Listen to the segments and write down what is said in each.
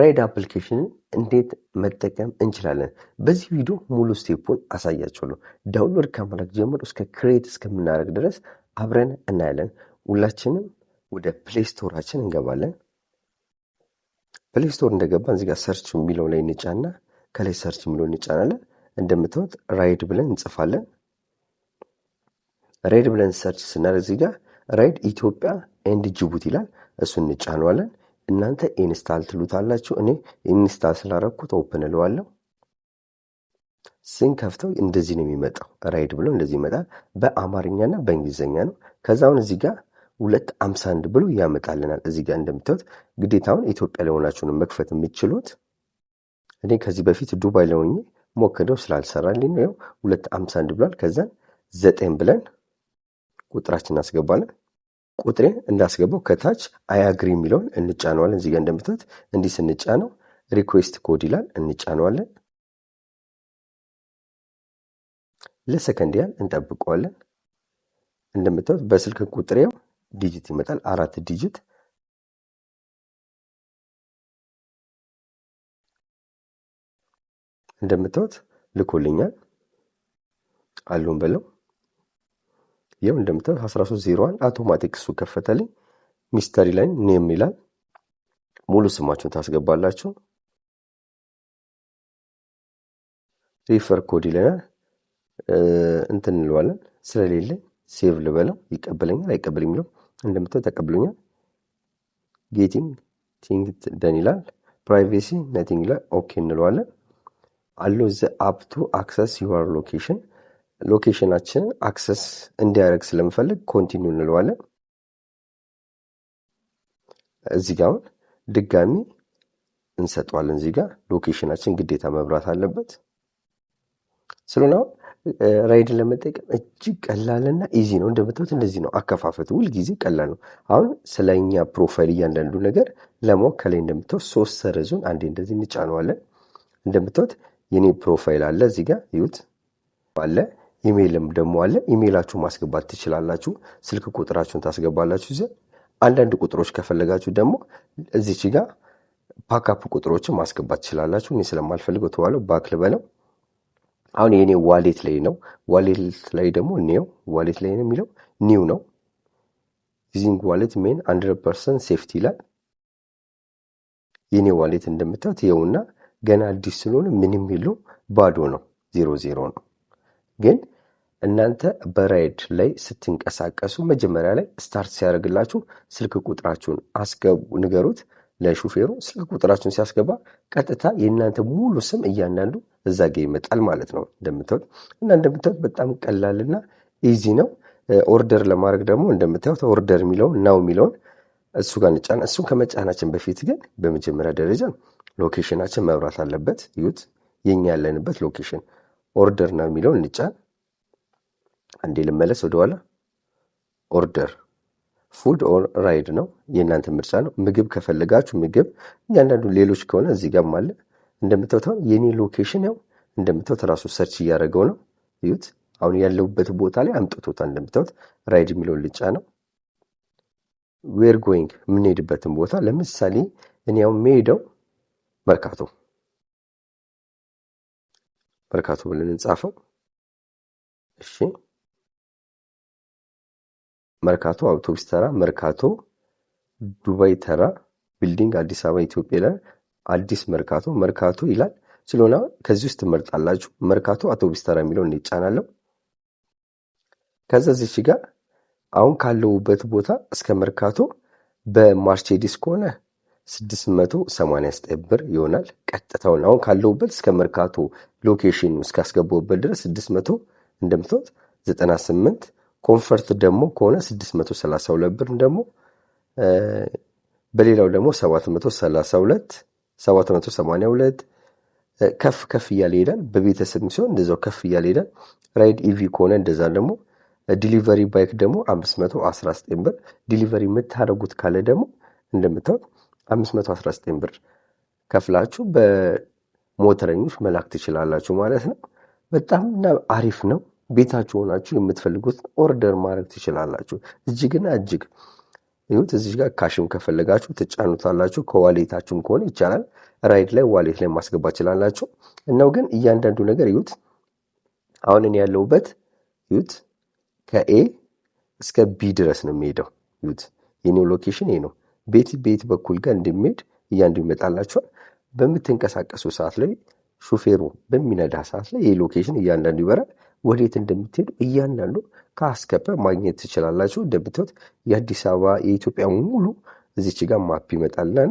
ራይድ አፕሊኬሽንን እንዴት መጠቀም እንችላለን? በዚህ ቪዲዮ ሙሉ ስቴፑን አሳያችኋለሁ። ዳውንሎድ ከማድረግ ጀምሮ እስከ ክሬት እስከምናደርግ ድረስ አብረን እናያለን። ሁላችንም ወደ ፕሌይ ስቶራችን እንገባለን። ፕሌይ ስቶር እንደገባን እዚህ ጋር ሰርች የሚለው ላይ እንጫና ከላይ ሰርች የሚለው እንጫናለን። እንደምታዩት ራይድ ብለን እንጽፋለን። ራይድ ብለን ሰርች ስናደርግ እዚህ ራይድ ኢትዮጵያ ኤንድ ጅቡቲ ይላል። እሱን እንጫነዋለን። እናንተ ኢንስታል ትሉታላችሁ። እኔ ኢንስታል ስላረኩት ኦፕን እለዋለሁ። ስንከፍተው እንደዚህ ነው የሚመጣው። ራይድ ብሎ እንደዚህ ይመጣል። በአማርኛና በእንግሊዝኛ ነው። ከዛ አሁን እዚህ ጋር ሁለት አምሳ አንድ ብሎ ያመጣልናል። እዚህ ጋር እንደምታዩት ግዴታውን ኢትዮጵያ ላይ ነው መክፈት የምችሉት። እኔ ከዚህ በፊት ዱባይ ለሆኝ ሞክደው ሞክሬው ስላልሰራልኝ ነው። ሁለት አምሳ አንድ ብሏል። ከዛን ዘጠኝ ብለን ቁጥራችን እናስገባለን። ቁጥሬን እንዳስገባው ከታች አይ አግሪ የሚለውን እንጫነዋለን። እዚጋ እንደምታት እንዲህ ስንጫነው ሪኩዌስት ኮድ ይላል። እንጫነዋለን። ለሰከንድ ያህል እንጠብቀዋለን። እንደምታዩት በስልክ ቁጥሬው ዲጂት ይመጣል፣ አራት ዲጂት። እንደምታዩት ልኮልኛል። አሉን በለው ይህም እንደምታዩት 13 አን አውቶማቲክ እሱ ከፈተልኝ። ሚስተሪ ላይ ኔም ይላል። ሙሉ ስማችሁን ታስገባላችሁ። ሪፈር ኮድ ይለናል። እንትን እንለዋለን። ስለሌለ ሴቭ ልበለው። ይቀበለኛል አይቀበል የሚለው እንደምታዩት ተቀብሎኛል። ጌቲንግ ቲንግ ደን ይላል። ፕራይቬሲ ነቲንግ ላይ ኦኬ እንለዋለን። አሎ ዘ አፕ ቱ አክሰስ ዩር ሎኬሽን ሎኬሽናችንን አክሰስ እንዲያደርግ ስለምፈልግ ኮንቲኒው እንለዋለን። እዚህ ጋር አሁን ድጋሚ እንሰጠዋለን። እዚህ ጋር ሎኬሽናችን ግዴታ መብራት አለበት ስለሆነ አሁን ራይድን ለመጠቀም እጅግ ቀላልና ኢዚ ነው። እንደምታዩት እንደዚህ ነው አከፋፈቱ፣ ሁልጊዜ ቀላል ነው። አሁን ስለኛ ፕሮፋይል እያንዳንዱ ነገር ለማወቅ ከላይ እንደምታዩት ሶስት ሰረዙን አንዴ እንደዚህ እንጫነዋለን። እንደምታዩት የኔ ፕሮፋይል አለ እዚህ ጋር ይዩት አለ ኢሜይልም ደግሞ አለ። ኢሜይላችሁ ማስገባት ትችላላችሁ። ስልክ ቁጥራችሁን ታስገባላችሁ። እዚህ አንዳንድ ቁጥሮች ከፈለጋችሁ ደግሞ እዚች ጋር ባካፕ ቁጥሮችን ማስገባት ትችላላችሁ። እኔ ስለማልፈልገው ተዋለው ባክ ልበለው። አሁን የእኔ ዋሌት ላይ ነው። ዋሌት ላይ ደግሞ ኒው ዋሌት ላይ ነው የሚለው ኒው ነው። ዩዚንግ ዋሌት ሜን አንድረድ ፐርሰንት ሴፍቲ ይላል። የእኔ ዋሌት እንደምታዩት ይኸውና ገና አዲስ ስለሆነ ምንም የለው ባዶ ነው፣ ዜሮ ዜሮ ነው ግን እናንተ በራይድ ላይ ስትንቀሳቀሱ መጀመሪያ ላይ ስታርት ሲያደርግላችሁ ስልክ ቁጥራችሁን አስገቡ፣ ንገሩት ለሹፌሩ። ስልክ ቁጥራችሁን ሲያስገባ ቀጥታ የእናንተ ሙሉ ስም እያንዳንዱ እዛ ጋ ይመጣል ማለት ነው። እንደምታዩት እና እንደምታዩት በጣም ቀላልና ኢዚ ነው። ኦርደር ለማድረግ ደግሞ እንደምታዩት ኦርደር የሚለውን ናው የሚለውን እሱ ጋር እንጫን። እሱን ከመጫናችን በፊት ግን በመጀመሪያ ደረጃ ሎኬሽናችን መብራት አለበት። ዩት የኛ ያለንበት ሎኬሽን ኦርደር ነው የሚለውን እንጫን። አንዴ ልመለስ ወደኋላ። ኦርደር ፉድ ኦር ራይድ ነው፣ የእናንተ ምርጫ ነው። ምግብ ከፈለጋችሁ ምግብ፣ እያንዳንዱ ሌሎች ከሆነ እዚህ ጋር አለ። እንደምታዩት የኔ ሎኬሽን ያው እንደምታዩት ራሱ ሰርች እያደረገው ነው። እዩት፣ አሁን ያለሁበት ቦታ ላይ አምጥቶታል። እንደምታዩት ራይድ የሚለውን ልጫ ነው። ዌር ጎይንግ የምንሄድበትን ቦታ ለምሳሌ እኔ ያው የምሄደው መርካቶ መርካቶ ብለን እንጻፈው። እሺ መርካቶ አውቶቡስ ተራ፣ መርካቶ ዱባይ ተራ፣ ቢልዲንግ አዲስ አበባ ኢትዮጵያ ላይ አዲስ መርካቶ መርካቶ ይላል። ስለሆነ ከዚህ ውስጥ ትመርጣላችሁ። መርካቶ አውቶቡስ ተራ የሚለው እንጫናለው። ከዛ ዚች ጋር አሁን ካለውበት ቦታ እስከ መርካቶ በማርቼዲስ ከሆነ 689 ብር ይሆናል። ቀጥታውን አሁን ካለሁበት እስከ መርካቶ ሎኬሽን እስካስገባሁበት ድረስ 600 እንደምትወት 98 ኮንፈርት ደግሞ ከሆነ 632 ብር ደግሞ በሌላው ደግሞ 732 782 ከፍ ከፍ እያለ ይሄዳል። በቤተሰብ ሲሆን እንደዛው ከፍ እያለ ይሄዳል። ራይድ ኢቪ ከሆነ እንደዛ ደግሞ ዲሊቨሪ ባይክ ደግሞ 519 ብር ዲሊቨሪ የምታደርጉት ካለ ደግሞ እንደምታዩት 519 ብር ከፍላችሁ በሞተረኞች መላክ ትችላላችሁ ማለት ነው። በጣም አሪፍ ነው። ቤታችሁ ሆናችሁ የምትፈልጉት ኦርደር ማድረግ ትችላላችሁ። እጅግና እጅግ ይሁት እዚህ ጋር ካሽም ከፈለጋችሁ ትጫኑታላችሁ። ከዋሌታችሁም ከሆነ ይቻላል። ራይድ ላይ ዋሌት ላይ ማስገባት ይችላላችሁ። እናው ግን እያንዳንዱ ነገር ይሁት አሁን እኔ ያለሁበት ይሁት ከኤ እስከ ቢ ድረስ ነው የሚሄደው። ይሁት የኔው ሎኬሽን ይሄ ነው። ቤት ቤት በኩል ጋር እንደሚሄድ እያንዱ ይመጣላችኋል። በምትንቀሳቀሱ ሰዓት ላይ ሹፌሩ በሚነዳ ሰዓት ላይ ይህ ሎኬሽን እያንዳንዱ ይበራል። ወዴት እንደምትሄድ እያንዳንዱ ከአስከበ ማግኘት ትችላላችሁ። እንደምታዩት የአዲስ አበባ የኢትዮጵያ ሙሉ እዚች ጋር ማፕ ይመጣልና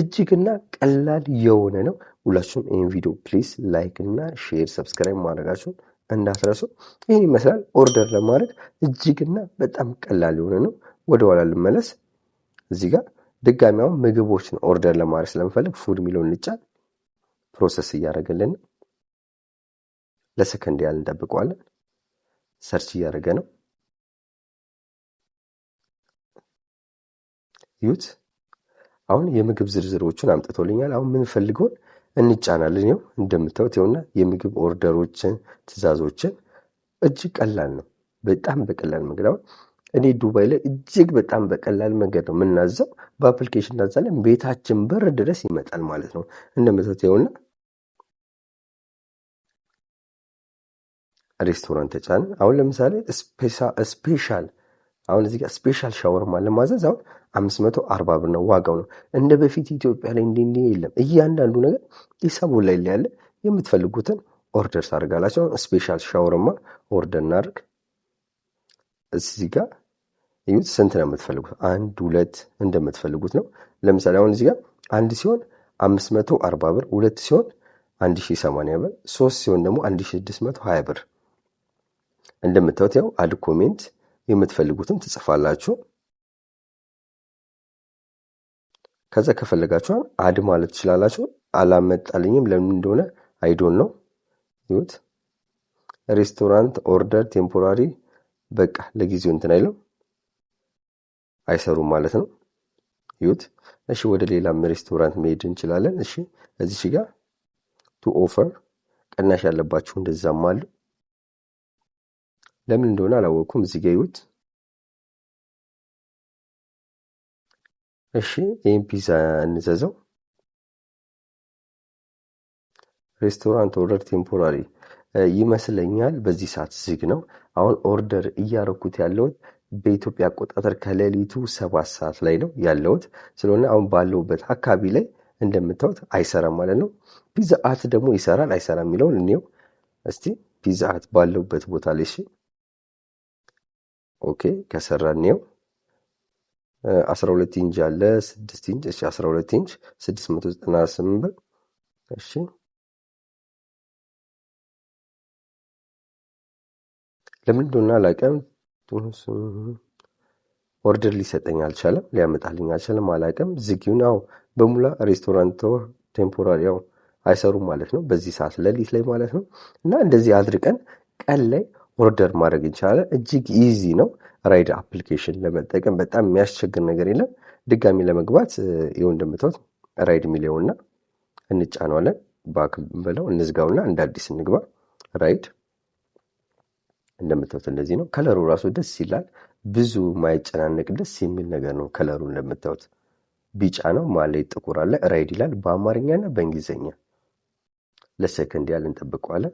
እጅግና ቀላል የሆነ ነው። ሁላችሁም ይህን ቪዲዮ ፕሊስ ላይክ እና ሼር፣ ሰብስክራይብ ማድረጋችሁን እንዳትረሱ። ይህን ይመስላል። ኦርደር ለማድረግ እጅግና በጣም ቀላል የሆነ ነው። ወደኋላ ልመለስ። እዚህ ጋር ድጋሚ አሁን ምግቦችን ኦርደር ለማድረግ ስለምፈልግ ፉድ የሚለውን ልጫን። ፕሮሰስ እያደረገልን ነው ለሰከንድ ያህል እንጠብቀዋለን። ሰርች እያደረገ ነው። ዩት አሁን የምግብ ዝርዝሮቹን አምጥቶልኛል። አሁን የምንፈልገውን እንጫናለን። ይኸው እንደምታዩት ይኸውና የምግብ ኦርደሮችን፣ ትዕዛዞችን እጅግ ቀላል ነው። በጣም በቀላል መንገድ አሁን እኔ ዱባይ ላይ እጅግ በጣም በቀላል መንገድ ነው የምናዘው። በአፕሊኬሽን እናዛለን። ቤታችን በር ድረስ ይመጣል ማለት ነው። እንደምታዩት ይኸውና ሬስቶራንት ተጫን። አሁን ለምሳሌ ስፔሻል አሁን እዚህ ጋር ስፔሻል ሻወርማ ለማዘዝ አሁን አምስት መቶ አርባ ብር ነው ዋጋው ነው። እንደ በፊት ኢትዮጵያ ላይ እንዲህ እንዲህ የለም። እያንዳንዱ ነገር ሂሳቡ ላይ ያለ የምትፈልጉትን ኦርደር ታደርጋላችሁ። አሁን ስፔሻል ሻወርማ ኦርደር እናድርግ። እዚህ ጋር ይሁት ስንት ነው የምትፈልጉት? አንድ ሁለት እንደምትፈልጉት ነው። ለምሳሌ አሁን እዚህ ጋር አንድ ሲሆን አምስት መቶ አርባ ብር፣ ሁለት ሲሆን አንድ ሺ ሰማንያ ብር፣ ሶስት ሲሆን ደግሞ አንድ ሺ ስድስት መቶ ሀያ ብር እንደምታዩት ያው አድ ኮሜንት የምትፈልጉትን ትጽፋላችሁ። ከዛ ከፈለጋችሁ አድ ማለት ትችላላችሁ። አላመጣልኝም ለምን እንደሆነ አይዶን ነው ይሁት። ሬስቶራንት ኦርደር ቴምፖራሪ በቃ ለጊዜው እንትን አይለው አይሰሩም ማለት ነው ይሁት። እሺ ወደ ሌላም ሬስቶራንት መሄድ እንችላለን። እሺ እዚህ ጋር ቱ ኦፈር ቅናሽ ያለባችሁ እንደዛም አሉ። ለምን እንደሆነ አላወኩም እዚህ ጋር ይሁት። እሺ ይህን ፒዛ እንዘዘው። ሬስቶራንት ኦርደር ቴምፖራሪ ይመስለኛል። በዚህ ሰዓት ዝግ ነው። አሁን ኦርደር እያረኩት ያለውት በኢትዮጵያ አቆጣጠር ከሌሊቱ ሰባት ሰዓት ላይ ነው ያለውት ስለሆነ አሁን ባለውበት አካባቢ ላይ እንደምታዩት አይሰራም ማለት ነው። ፒዛ አት ደግሞ ይሰራል አይሰራም የሚለውን እኔው እስቲ ፒዛ አት ባለውበት ቦታ ላይ ኦኬ ከሰራን ይኸው 12 ኢንች አለ 6 ኢንች እሺ 12 ኢንች 698 ብር እሺ ለምን እንደሆነ አላውቅም ኦርደር ሊሰጠኝ አልቻለም ሊያመጣልኝ አልቻለም አላውቅም ዝጊውን አዎ በሙላ ሬስቶራንት ቴምፖራሪ ያው አይሰሩም ማለት ነው በዚህ ሰዓት ለሊት ላይ ማለት ነው እና እንደዚህ አድርቀን ቀን ላይ ኦርደር ማድረግ እንችላለን። እጅግ ኢዚ ነው። ራይድ አፕሊኬሽን ለመጠቀም በጣም የሚያስቸግር ነገር የለም። ድጋሚ ለመግባት ይኸው እንደምታዩት ራይድ የሚለውና እንጫነዋለን። ባክ ብለው እንዝጋውና እንደ አዲስ እንግባ። ራይድ እንደምታዩት እንደዚህ ነው። ከለሩ ራሱ ደስ ይላል። ብዙ ማይጨናነቅ ደስ የሚል ነገር ነው። ከለሩ እንደምታዩት ቢጫ ነው፣ ላይ ጥቁር አለ። ራይድ ይላል በአማርኛና በእንግሊዝኛ። ለሰከንድ ያህል እንጠብቀዋለን።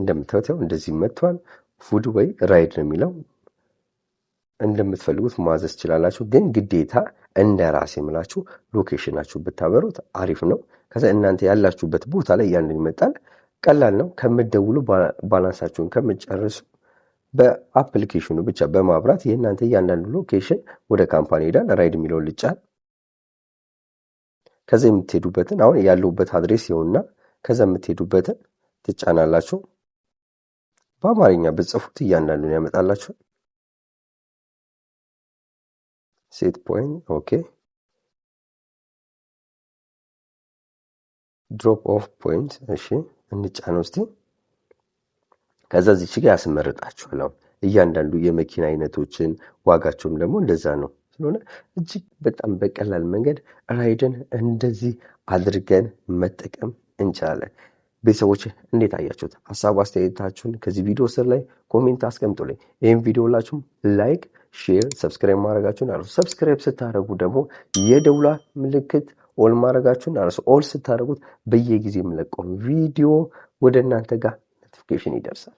እንደምታዩት ያው እንደዚህ መጥቷል። ፉድ ወይ ራይድ ነው የሚለው እንደምትፈልጉት ማዘዝ ትችላላችሁ። ግን ግዴታ እንደ ራሴ የምላችሁ ሎኬሽናችሁ ብታበሩት አሪፍ ነው። ከዛ እናንተ ያላችሁበት ቦታ ላይ ያንን ይመጣል። ቀላል ነው። ከምደውሉ ባላንሳችሁን ከምጨርሱ በአፕሊኬሽኑ ብቻ በማብራት የእናንተ እያንዳንዱ ሎኬሽን ወደ ካምፓኒ ሄዳል። ራይድ የሚለውን ልጫል። ከዛ የምትሄዱበትን አሁን ያለሁበት አድሬስ ይሆንና ከዛ የምትሄዱበትን ትጫናላችሁ። በአማርኛ ብትጽፉት እያንዳንዱን ያመጣላችኋል። ሴት ፖይንት ኦኬ። ድሮፕ ኦፍ ፖይንት እሺ፣ እንጫነው እስቲ። ከዛ ዚች ጋ ያስመርጣችኋል። አሁን እያንዳንዱ የመኪና አይነቶችን ዋጋቸውም ደግሞ እንደዛ ነው ስለሆነ እጅግ በጣም በቀላል መንገድ ራይድን እንደዚህ አድርገን መጠቀም እንችላለን። ቤተሰቦች እንዴት አያችሁት? ሀሳቡ አስተያየታችሁን ከዚህ ቪዲዮ ስር ላይ ኮሜንት አስቀምጡልኝ። ይህም ቪዲዮ ላችሁም ላይክ፣ ሼር፣ ሰብስክራይብ ማድረጋችሁን አረሱ። ሰብስክራይብ ስታደረጉ ደግሞ የደውላ ምልክት ኦል ማድረጋችሁን አረሱ። ኦል ስታደረጉት በየጊዜ የምለቀው ቪዲዮ ወደ እናንተ ጋር ኖቲፊኬሽን ይደርሳል።